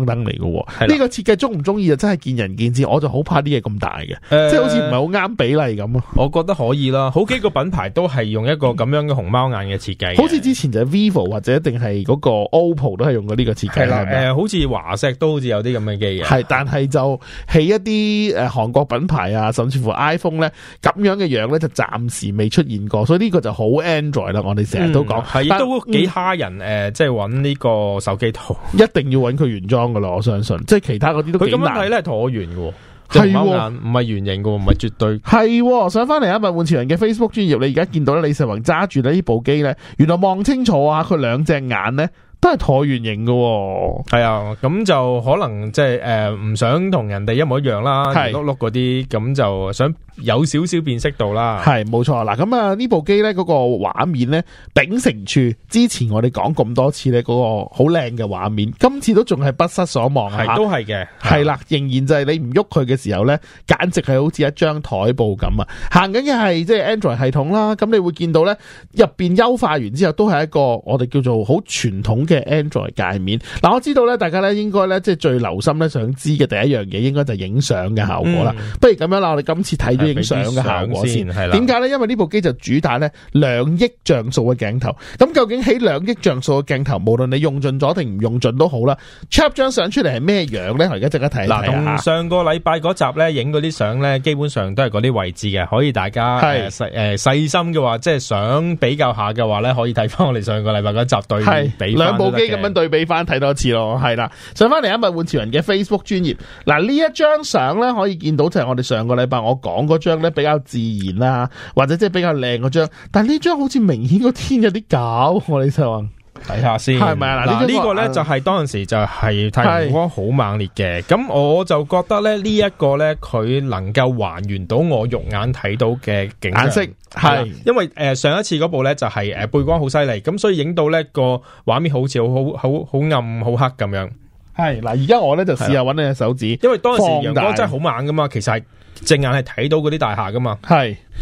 燈嚟嘅，呢、呢個設計鍾唔鍾意就真係見仁見智，我就好怕啲嘢咁大嘅、呃，即係好似唔係好啱比例咁咯。我覺得可以啦，好幾個品牌都係用一個咁樣嘅熊貓眼嘅設計，好似之前就係 Vivo 或者一定係嗰個 OPPO 都係用過呢個設計。係好似華碩都好似有啲咁嘅機嘅。係，但係就起一啲誒韓國品牌啊，甚至乎 iPhone 咧咁樣嘅樣咧，就暫時未出現過，所以呢個就好 Android 啦。我哋成日都講，都幾蝦人誒、嗯呃，即係搵呢個手機圖，一定要搵佢原裝。我相信，即係其他嗰啲都佢咁樣睇咧係橢圓嘅，係唔係圓形嘅，唔係絕對係、哦。上翻嚟啊，物玩潮人嘅 Facebook 專頁，你而家見到咧，李世宏揸住呢部機咧，原來望清楚啊，佢兩隻眼咧。都係橢圓形嘅，係啊，咁就可能即係誒，唔、就是呃、想同人哋一模一樣啦，圓碌碌嗰啲，咁就想有少少辨識度啦是。係，冇錯。嗱，咁啊部呢部機咧，嗰、那個畫面咧，秉承住之前我哋講咁多次咧，嗰、那個好靚嘅畫面，今次都仲係不失所望啊。係，都係嘅。係啦，仍然就係你唔喐佢嘅時候咧，簡直係好似一張台布咁啊。行緊嘅係即係 Android 系統啦，咁你會見到咧入邊優化完之後，都係一個我哋叫做好傳統。嘅 Android 界面。嗱、啊，我知道咧，大家咧應該咧，即係最留心咧，想知嘅第一樣嘢應該就係影相嘅效果啦。嗯、不如咁樣啦，我哋今次睇咗影相嘅效果先，係啦。點解咧？因為呢部機就主打咧兩億像素嘅鏡頭，咁究竟喺兩億像素嘅鏡頭，無論你用盡咗定唔用盡都好啦，出一張相出嚟係咩樣咧？我而家即刻睇一睇啦。同上個禮拜嗰集咧，影嗰啲相咧，基本上都係嗰啲位置嘅，可以大家、呃、細誒細心嘅話，即係想比較下嘅話咧，可以睇翻我哋上個禮拜嗰集對比部機咁樣對比翻睇多次咯，係啦，上翻嚟一咪玩潮人嘅 Facebook 專頁。嗱，呢一張相咧，可以見到就係我哋上個禮拜我講嗰張咧，比較自然啦，啊，或者即係比較靚嗰張，但呢張好似明顯個天有啲搞我哋就。 睇下先，係咪啊？嗱、這個，呢個咧就係、是、當陣時就係太陽光好猛烈嘅，咁我就覺得咧呢一、這個咧佢能夠還原到我肉眼睇到嘅景顏色，係、啊啊、因為誒、呃、上一次嗰部咧就係、是、誒、呃、背光好犀利，咁所以影到咧個畫面好似好好好好暗好黑咁樣。係嗱、啊，而家我咧就試下揾你隻手指、啊，因為當陣時陽光真係好猛噶嘛，其實係隻眼係睇到嗰啲大廈噶嘛。係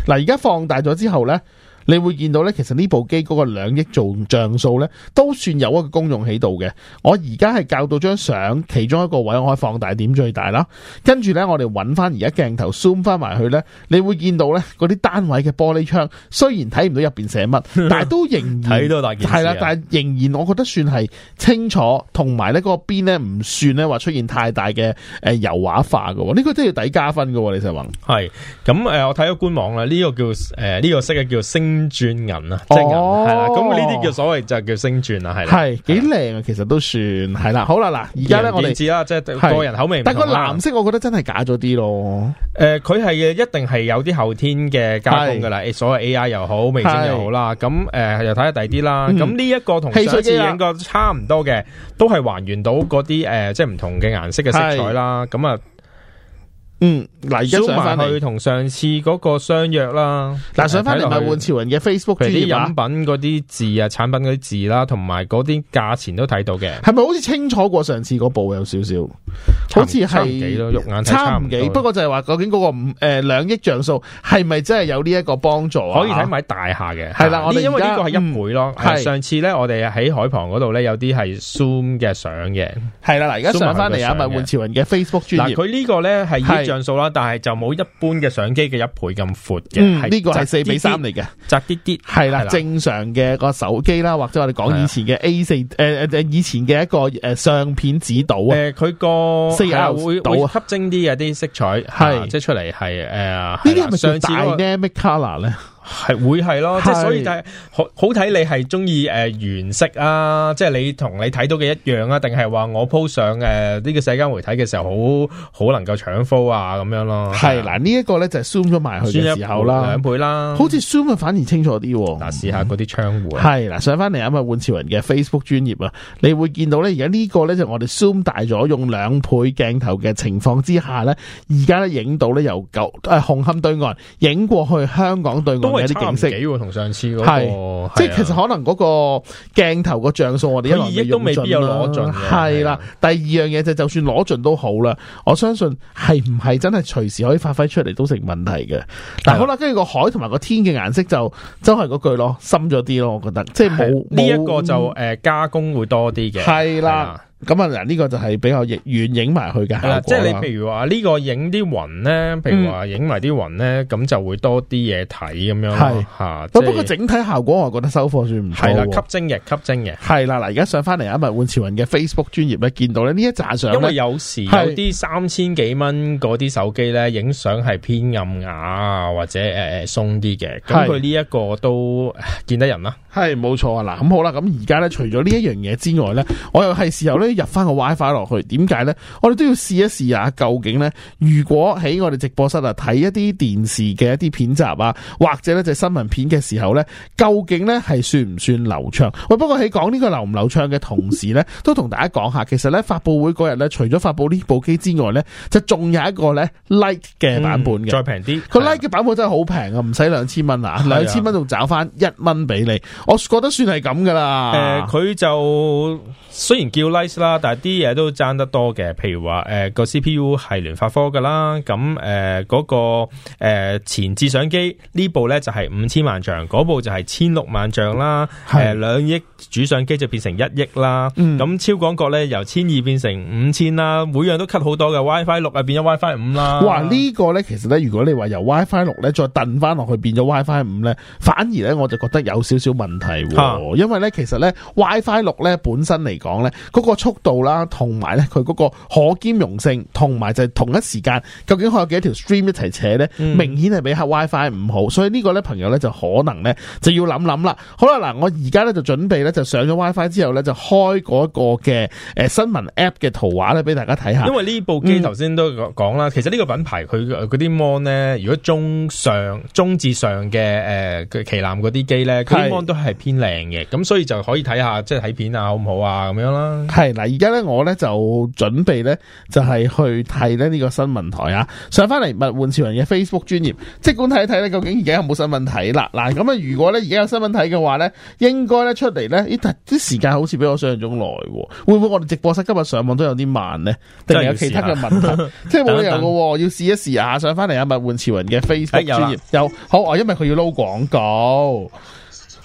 嗱、啊，而家放大咗之後咧。你會見到咧，其實呢部機嗰個兩億做像素咧，都算有一個功用喺度嘅。我而家係較到張相，其中一個位我可以放大點最大啦。跟住咧，我哋搵翻而家鏡頭 zoom 翻埋去咧，你會見到咧嗰啲單位嘅玻璃窗，雖然睇唔到入邊寫乜，但係都仍然睇 到大件事。係啦，但係仍然我覺得算係清楚，同埋咧個邊咧唔算咧話出現太大嘅誒油畫化喎。呢、這個都要抵加分嘅，李世宏。係咁誒，我睇咗官網啦，呢、這個叫誒呢、呃這個色嘅叫星鑽銀啊，即係銀係啦，咁呢啲叫所謂就叫星鑽啊，係係幾靚啊，其實都算係啦。好啦，嗱，而家咧我哋知啦，即係個人口味不同。但個藍色我覺得真係假咗啲咯。誒、呃，佢係一定係有啲後天嘅加工噶啦，所謂 A I 又好，明星、呃、又好啦。咁誒又睇下第啲啦。咁呢一個同上次影個差唔多嘅、嗯，都係還原到嗰啲誒即係唔同嘅顏色嘅色彩啦。咁啊。嗯，嗱，而家上翻去同上次嗰個相約啦。嗱、啊，上翻嚟係換潮人嘅 Facebook 嗰啲飲品嗰啲字啊，產品嗰啲字啦，同埋嗰啲價錢都睇到嘅。係咪好似清楚過上次嗰部有少少？好似係差唔幾咯，肉眼睇差唔幾。不過就係話，究竟嗰、那個五誒兩億像素係咪真係有呢一個幫助啊？可以睇埋大廈嘅。係、啊、啦、啊，我因為呢個係一枚咯。係、嗯啊、上次咧，我哋喺海旁嗰度咧，有啲係 Zoom 嘅相嘅。係啦，嗱，而家上翻嚟啊，咪換、啊、潮人嘅 Facebook 專頁。佢、啊、呢個咧係。像素啦，但係就冇一般嘅相機嘅一倍咁闊嘅，呢個係四比三嚟嘅窄啲啲，係啦。正常嘅個手機啦，或者我哋講以前嘅 A 四，誒、呃、誒，以前嘅一個誒相片指度誒，佢、呃那個四廿六度啊，吸睛啲嘅啲色彩係，即係出嚟係誒，呃是是那個 color、呢啲係咪上大咧？咩 color 咧？係會係咯，即係所以就係好好睇你係中意誒原色，啊，即係你同你睇到嘅一樣啊，定係話我鋪上誒呢個社交媒體嘅時候好好能夠搶 focus 啊咁樣咯。係嗱呢一個咧就係 zoom 咗埋去嘅時候啦，兩倍啦，好似 zoom 啊反而清楚啲。嗱試下嗰啲窗戶。係嗱上翻嚟啊，物玩、嗯、潮人嘅 Facebook 專頁啊，你會見到咧，而家呢個咧就我哋 zoom 大咗用兩倍鏡頭嘅情況之下咧，而家咧影到咧由舊誒紅磡對岸影過去香港對岸。有啲景色幾會同上次嗰、嗰個？係、啊、即係其實可能嗰個鏡頭個像素我哋有二億都未必有攞盡。係啦、啊啊，第二樣嘢就就算攞盡都好啦，我相信係唔係真係隨時可以發揮出嚟都成問題嘅、啊。但好啦，跟住個海同埋個天嘅顏色就真係嗰句咯，深咗啲咯，我覺得、啊、即係冇呢一個就、嗯呃、加工會多啲嘅。係啦、啊。咁啊嗱，呢、這個就係比較遠影埋去嘅效果啦、嗯。即係你譬如話呢個影啲雲咧，譬如話影埋啲雲咧，咁、嗯、就會多啲嘢睇咁樣。係吓、啊，不過整體效果我覺得收貨算唔錯。係啦，吸睛嘅，吸睛嘅。係啦，嗱，而家上翻嚟阿麥換潮雲嘅 Facebook 專頁咧，見到咧呢一紮相，因為有時有啲三千幾蚊嗰啲手機咧影相係偏暗啞啊，或者誒鬆啲嘅，咁佢呢一個都見得人啦。係，冇錯啊。嗱，咁好啦，咁而家咧除咗呢一樣嘢之外咧， 我又係時候咧。入翻個 WiFi 落去，點解呢？我哋都要試一試下，究竟呢？如果喺我哋直播室啊，睇一啲電視嘅一啲片集啊，或者呢就新聞片嘅時候呢，究竟呢係算唔算流暢？喂，不過喺講呢個流唔流暢嘅同時呢，都同大家講下，其實呢，發布會嗰日呢，除咗發布呢部機之外呢，就仲有一個呢 Lite 嘅版本嘅，再平啲。個 Lite 嘅版本真係好平啊，唔使兩千蚊啊，兩千蚊仲找翻一蚊俾你，我覺得算係咁噶啦。誒，佢就雖然叫 Lite。啦，但係啲嘢都爭得多嘅，譬如話誒、呃那個 C P U 係聯發科㗎啦，咁誒嗰個誒、呃、前置相機呢部咧就係五千萬像，嗰部就係千六萬像啦，誒兩億主相機就變成一億啦，咁、嗯、超廣角咧由千二變成五千啦，每樣都 cut 好多嘅 WiFi 六啊變咗 WiFi 五啦，哇、這個、呢個咧其實咧如果你話由 WiFi 六咧再褪翻落去變咗 WiFi 五咧，反而咧我就覺得有少少問題、啊啊，因為咧其實咧 WiFi 六咧本身嚟講咧個速度啦，同埋咧佢嗰個可兼容性，同埋就係同一時間究竟可有幾多條 stream 一齊扯咧、嗯？明顯係比下 WiFi 唔好，所以呢個咧朋友咧就可能咧就要諗諗啦。好啦，嗱，我而家咧就準備咧就上咗 WiFi 之後咧就開嗰個嘅誒、呃、新聞 app 嘅圖畫咧俾大家睇下。因為呢部機頭先都講啦，其實呢個品牌佢嗰啲 mon 咧，如果中上中至上嘅誒佢旗艦嗰啲機咧，mon 都係偏靚嘅，咁所以就可以睇下即係睇片啊，好唔好啊？咁樣啦，係。嗱，而家咧，我咧就準備咧，就係去睇咧呢個新聞台啊。上翻嚟物玩潮人嘅 Facebook 專頁，即管睇一睇咧，究竟而家有冇新聞睇啦？嗱，咁啊，如果咧而家有新聞睇嘅話咧，應該咧出嚟咧啲啲時間好似比我想象中耐，會唔會我哋直播室今日上網都有啲慢咧？定係有其他嘅問題？即係冇理由嘅， 等等要試一試下。上翻嚟阿物玩潮人嘅 Facebook 專頁，哎、有，有好，因為佢要撈廣告。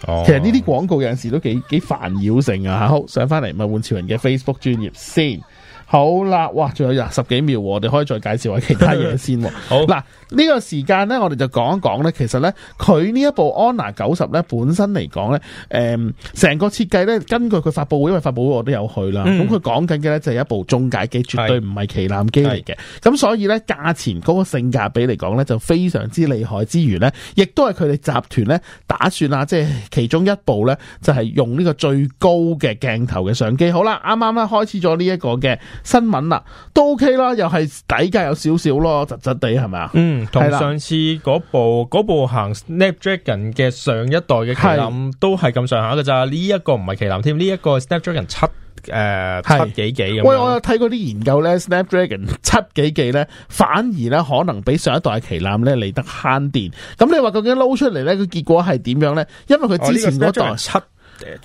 Oh. 其實呢啲廣告有陣時都幾幾煩擾性啊，好，上翻嚟咪換潮人嘅 Facebook 專頁先，好啦，哇，仲有廿十幾秒，我哋可以再介紹下其他嘢先， 好嗱。呢、這個時間呢，我哋就講一講呢其實呢，佢呢一部 Honor 90呢本身嚟講呢誒，成個設計呢根據佢發布會，因為發布會我都有去啦。咁佢講緊嘅呢，就係一部中階機，絕對唔係旗艦機嚟嘅。咁所以呢，價錢嗰個性價比嚟講呢，就非常之厲害之餘呢，亦都係佢哋集團呢打算啊，即係其中一部呢，就係用呢個最高嘅鏡頭嘅相機。好啦，啱啱咧開始咗呢一個嘅新聞啦，都 OK 啦，又係底價有少少咯，實實地係咪啊？嗯。同上次嗰部嗰部行 Snapdragon 嘅上一代嘅旗艦都係咁上下㗎。咋？呢、這、一個唔係旗艦添，呢、這、一個 Snapdragon 七誒、呃、七幾幾咁。喂，我有睇過啲研究咧，Snapdragon 七幾幾咧，反而咧可能比上一代旗艦咧嚟得慳電。咁你話究竟撈出嚟咧個結果係點樣咧？因為佢之前嗰代、哦這個、七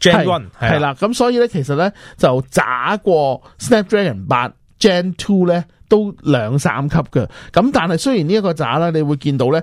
Gen One 係啦，咁所以咧其實咧就渣過 Snapdragon 八 Gen Two 咧。都兩三級嘅，咁但係雖然呢一個渣咧，你會見到咧，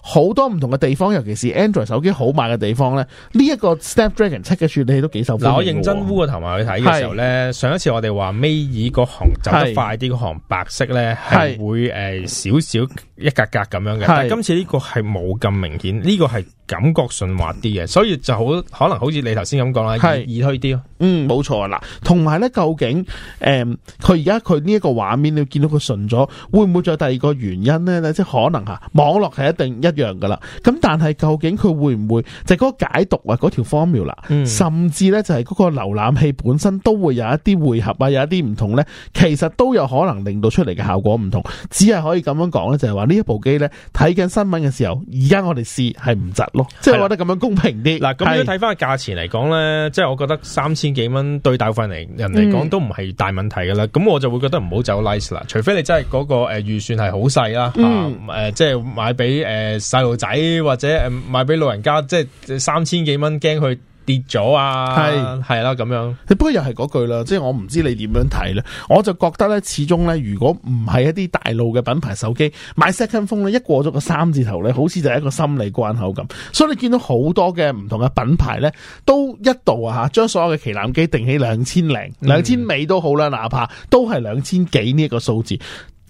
好、呃、多唔同嘅地方，尤其是 Android 手機好賣嘅地方咧，呢、這、一個 Snapdragon 七嘅處理器都幾受歡迎，我認真烏個頭埋去睇嘅時候咧，上一次我哋話 May 二、e、行走得快啲，嗰行白色咧係會少少、呃、一格格咁樣嘅，但係今次呢個係冇咁明顯，呢、這個係感覺順滑啲嘅，所以就好可能好似你頭先咁講啦，係易推啲咯，嗯，冇錯啦，同埋咧，究竟佢而家佢呢一個畫面見到佢順咗，會唔會再第二個原因呢？即係可能吓，網絡係一定一樣噶啦。咁但係究竟佢會唔會就係、是、嗰個解讀啊？嗰條 formula 啦、嗯，甚至呢，就係嗰個瀏覽器本身都會有一啲匯合啊，有一啲唔同呢，其實都有可能令到出嚟嘅效果唔同。只係可以咁樣講、就是、呢，就係話呢一部機呢，睇緊新聞嘅時候，而家我哋試係唔窒咯，即係我覺得咁樣公平啲。嗱，咁如果睇翻個價錢嚟講呢，即係我覺得三千幾蚊對大部分嚟人嚟講都唔係大問題噶啦。咁、嗯、我就會覺得唔好走 lice 啦。除非你真係嗰個誒預算係好細啦嚇誒即係買畀誒細路仔或者誒買畀老人家，即係三千幾蚊驚佢。跌咗啊！係係啦，咁樣。不過又係嗰句啦，即係我唔知你點樣睇咧。我就覺得咧，始終咧，如果唔係一啲大路嘅品牌手機買 second phone 咧，一過咗個三字頭咧，好似就係一個心理關口咁。所以你見到好多嘅唔同嘅品牌咧，都一度啊吓，將所有嘅旗艦機定起兩千零、兩、嗯、千尾都好啦，哪怕都係兩千幾呢一個數字。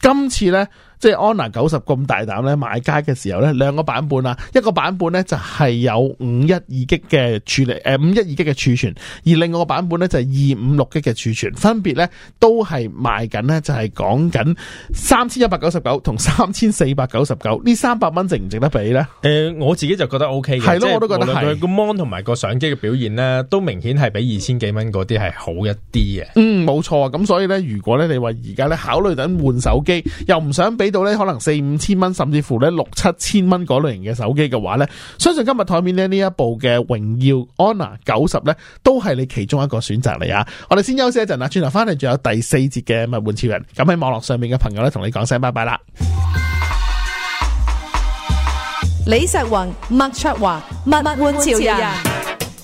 今次咧。即係 Honor 90咁大膽咧，買街嘅時候咧，兩個版本啦，一個版本咧就係有五一二 G 嘅處理，誒五一二 G 嘅儲存，而另外個版本咧就係二五六 G 嘅儲存，分別咧都係賣緊咧就係講緊三千一百九十九同三千四百九十九，呢三百蚊值唔值得俾咧？誒、呃，我自己就覺得 O K 嘅，係咯，我都覺得係個 mon 同埋個相機嘅表現咧，都明顯係比二千幾蚊嗰啲係好一啲嘅。嗯，冇錯啊，咁所以咧，如果你呢你話而家咧考慮緊換手機，又唔想俾。呢度咧可能四五千蚊，甚至乎咧六七千蚊嗰類型嘅手機嘅話咧，相信今日台面呢呢一部嘅榮耀 Honor 九十咧，都係你其中一個選擇嚟啊！我哋先休息一陣啦，轉頭翻嚟仲有第四節嘅物玩潮人。咁喺網絡上面嘅朋友咧，同你講聲拜拜啦！李石宏、麥卓華，物玩潮人。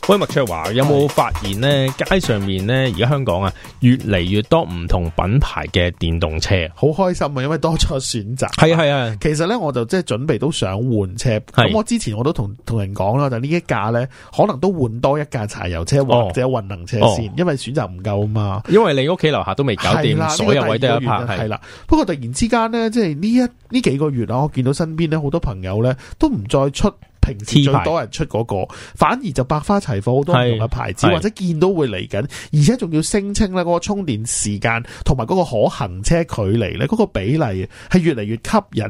喂，麥卓華，有冇發現呢？街上面呢，而家香港啊，越嚟越多唔同品牌嘅電動車，好開心啊！因為多咗選擇。係啊係啊，其實呢，我就即係準備都想換車。咁我之前我都同同人講啦，就呢、是、一架呢，可能都換多一架柴油車或者混能車先，哦、因為選擇唔夠啊嘛。因為你屋企樓下都未搞掂啦，所有位都有一排。係啦，不過突然之間呢，即係呢一呢幾個月啊，我見到身邊呢好多朋友呢，都唔再出。平時最多人出嗰個，反而就百花齊放好多唔同嘅牌子，或者見到會嚟緊，而且仲要聲稱咧嗰個充電時間同埋嗰個可行車距離咧，嗰個比例係越嚟越吸引，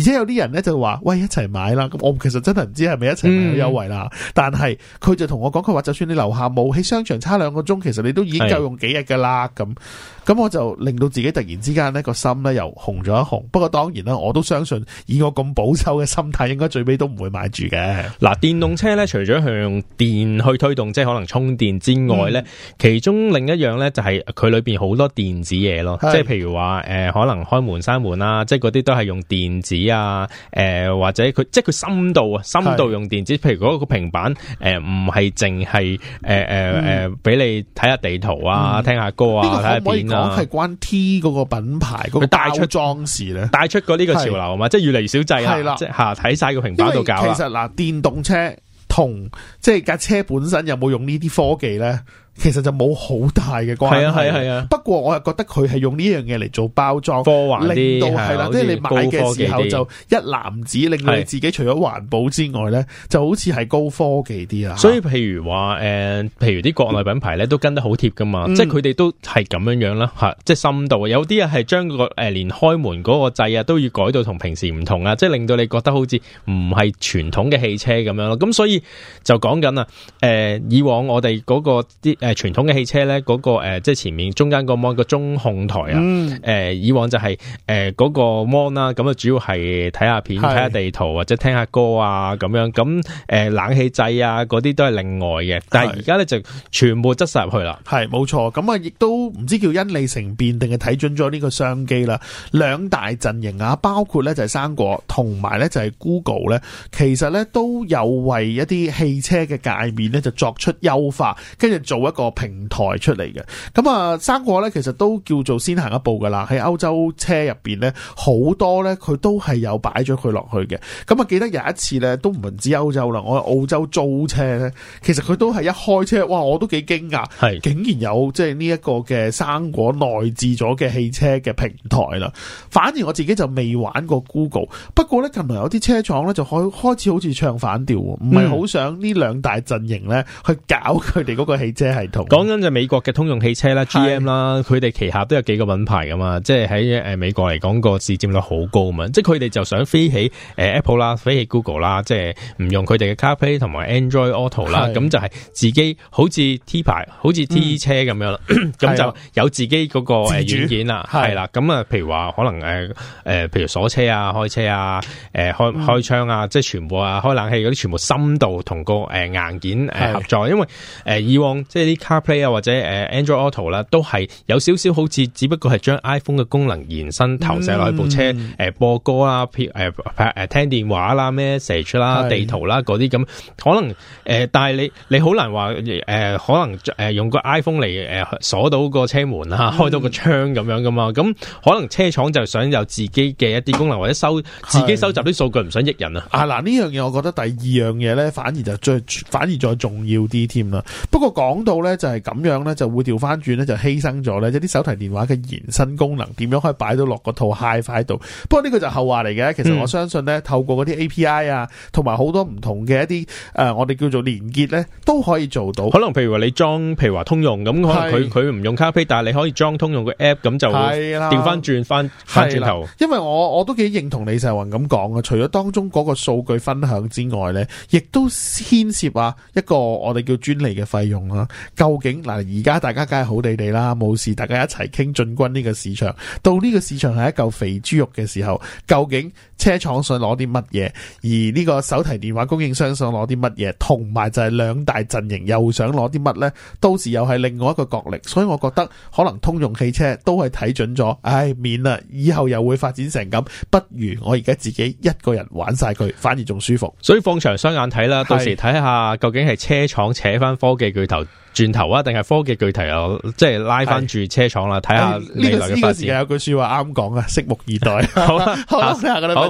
而且有啲人咧就話：喂，一齊買啦！咁我其實真係唔知係咪一齊買有優惠啦。嗯、但係佢就同我講，佢話就算你樓下冇喺商場差兩個鐘，其實你都已經夠用幾日㗎啦。咁咁我就令到自己突然之間咧個心咧又紅咗一紅。不過當然啦，我都相信以我咁保守嘅心態，應該最尾都唔會買住嘅。嗱，電動車咧，除咗用電去推動，即係可能充電之外咧、嗯，其中另一樣咧就係佢裏邊好多電子嘢咯，即係譬如話誒、呃，可能開門閂門啦，即係嗰啲都係用電子啊，誒、呃、或者佢即係佢深度啊，深度用電子，譬如嗰個平板誒，唔係淨係誒誒誒，俾、呃嗯呃、你睇下地圖啊、嗯，聽下歌啊，睇下片啊，係關 T 嗰個品牌佢帶、那個、出裝飾咧，帶出個呢個潮流啊嘛，即係越嚟越少掣啊，即吓睇晒個平板度搞其實電動車同即係架車本身有冇用呢啲科技咧？其實就冇好大嘅關係，啊係啊係啊。不過我又覺得佢係用呢樣嘢嚟做包裝，科幻啲係啦。即係、啊啊就是、你買嘅時候就一籃子，子，令到你自己除咗環保之外咧、啊，就好似係高科技啲啊。所以譬如話誒、呃，譬如啲國內品牌咧都跟得好貼噶嘛，嗯、即係佢哋都係咁樣樣、啊、啦，吓、啊、即係深度。有啲人係將個誒連開門嗰個掣啊都要改到同平時唔同啊，即係令到你覺得好似唔係傳統嘅汽車咁樣咯、啊。咁所以就講緊啊，誒、呃、以往我哋嗰、那個啲。誒，傳統嘅汽車咧，嗰、嗰個誒、呃，即係前面中間個 mon、嗰個中控台啊，誒、嗯呃，以往就係誒嗰個 mon 啦，咁啊，主要係睇下片、睇下地圖或者聽下歌啊，咁樣，咁誒、呃、冷氣掣啊，嗰啲都係另外嘅，但係而家咧就全部執晒入去啦，係冇錯，咁啊，亦都唔知叫因利乘便定係睇準咗呢個商機啦，兩大陣營啊，包括咧就係生果，同埋咧就係 Google 咧，其實咧都有為一啲汽車嘅界面咧就作出優化，跟住做一個平台出嚟嘅，咁啊，生果呢其實都叫做先行一步噶啦。喺歐洲車入邊呢，好多呢，佢都係有擺咗佢落去嘅。咁啊，記得有一次呢，都唔止歐洲啦，我喺澳洲租車呢，其實佢都係一開車，哇，我都幾驚訝，竟然有即係呢一個嘅生果內置咗嘅汽車嘅平台啦。反而我自己就未玩過 Google，不過呢，近來有啲車廠呢，就開開始好似唱反調，唔係好想這兩陣營呢兩大陣營呢去搞佢哋嗰個汽車。講緊就美國嘅通用汽車啦，GM 啦，佢哋旗下都有幾個品牌噶嘛，即係喺誒美國嚟講個市占率好高嘛，即係佢哋就想飛起誒 Apple 啦，飛起 Google 啦，即係唔用佢哋嘅 CarPlay 同埋 Android Auto 啦，咁就係自己好似 T 牌，好似 T 車咁樣咯，咁、嗯、 就有自己嗰個軟件啦，係啦，咁啊、呃，譬如話可能誒誒，譬如鎖車啊，開車啊，誒、呃、開開窗啊，嗯、即係全部啊，開冷氣嗰啲，全部深度同、那個誒、呃、硬件誒合作，因為誒、呃、以往即係。啲 CarPlay 啊，或者誒 Android Auto 啦，都係有少少好似，只不過係將 iPhone 嘅功能延伸，嗯、投射落去部車誒、呃、播歌啦，誒誒聽電話啦，message 啦，地圖啦啲咁，可能誒、呃、但係你你好難話誒、呃、可能誒用個 iPhone 嚟誒鎖到個車門啊、嗯，開到個窗咁樣噶嘛，咁可能車廠就想有自己嘅一啲功能，或者收自己收集啲數據唔想益人啊。啊嗱，呢樣嘢，我覺得第二樣嘢咧，反而就最，反而再重要啲添啦。不過講到咧就係、是、咁樣咧，就會調翻轉咧，就犧牲咗咧。一、就、啲、是、手提電話嘅延伸功能，點樣可以擺到落個套 HiFi 度？不過呢個就後話嚟嘅。其實我相信咧，透過嗰啲 API 啊，嗯、同埋好多唔同嘅一啲誒、呃，我哋叫做連結咧，都可以做到。可能譬如話你裝，譬如話通用咁，可能佢佢唔用咖啡，但係你可以裝通用嘅 app，咁就調翻轉翻翻轉頭。因為我我都幾認同李世雲咁講啊，除咗當中嗰個數據分享之外咧，亦都牽涉啊一個我哋叫專利嘅費用啦。究竟，嗱，而家大家梗係好地地啦，冇事，大家一齊傾進軍呢個市場，到呢個市場係一嚿肥豬肉嘅時候，究竟，車廠想攞啲乜嘢，而呢個手提電話供應商想攞啲乜嘢，同埋就係兩大陣營又想攞啲乜呢？到時又係另外一個角力，所以我覺得可能通用汽車都係睇準咗，唉，免啦，以後又會發展成咁，不如我而家自己一個人玩晒佢，反而仲舒服。所以放長雙眼睇啦，到時睇下究竟係車廠扯翻科技巨頭轉頭啊，定係科技巨頭又即係拉翻住車廠啦，睇下未來嘅發展。呢、啊這個時候有句話剛剛說話啱講啊，拭目以待。 好啦、啊，啊 好啊啊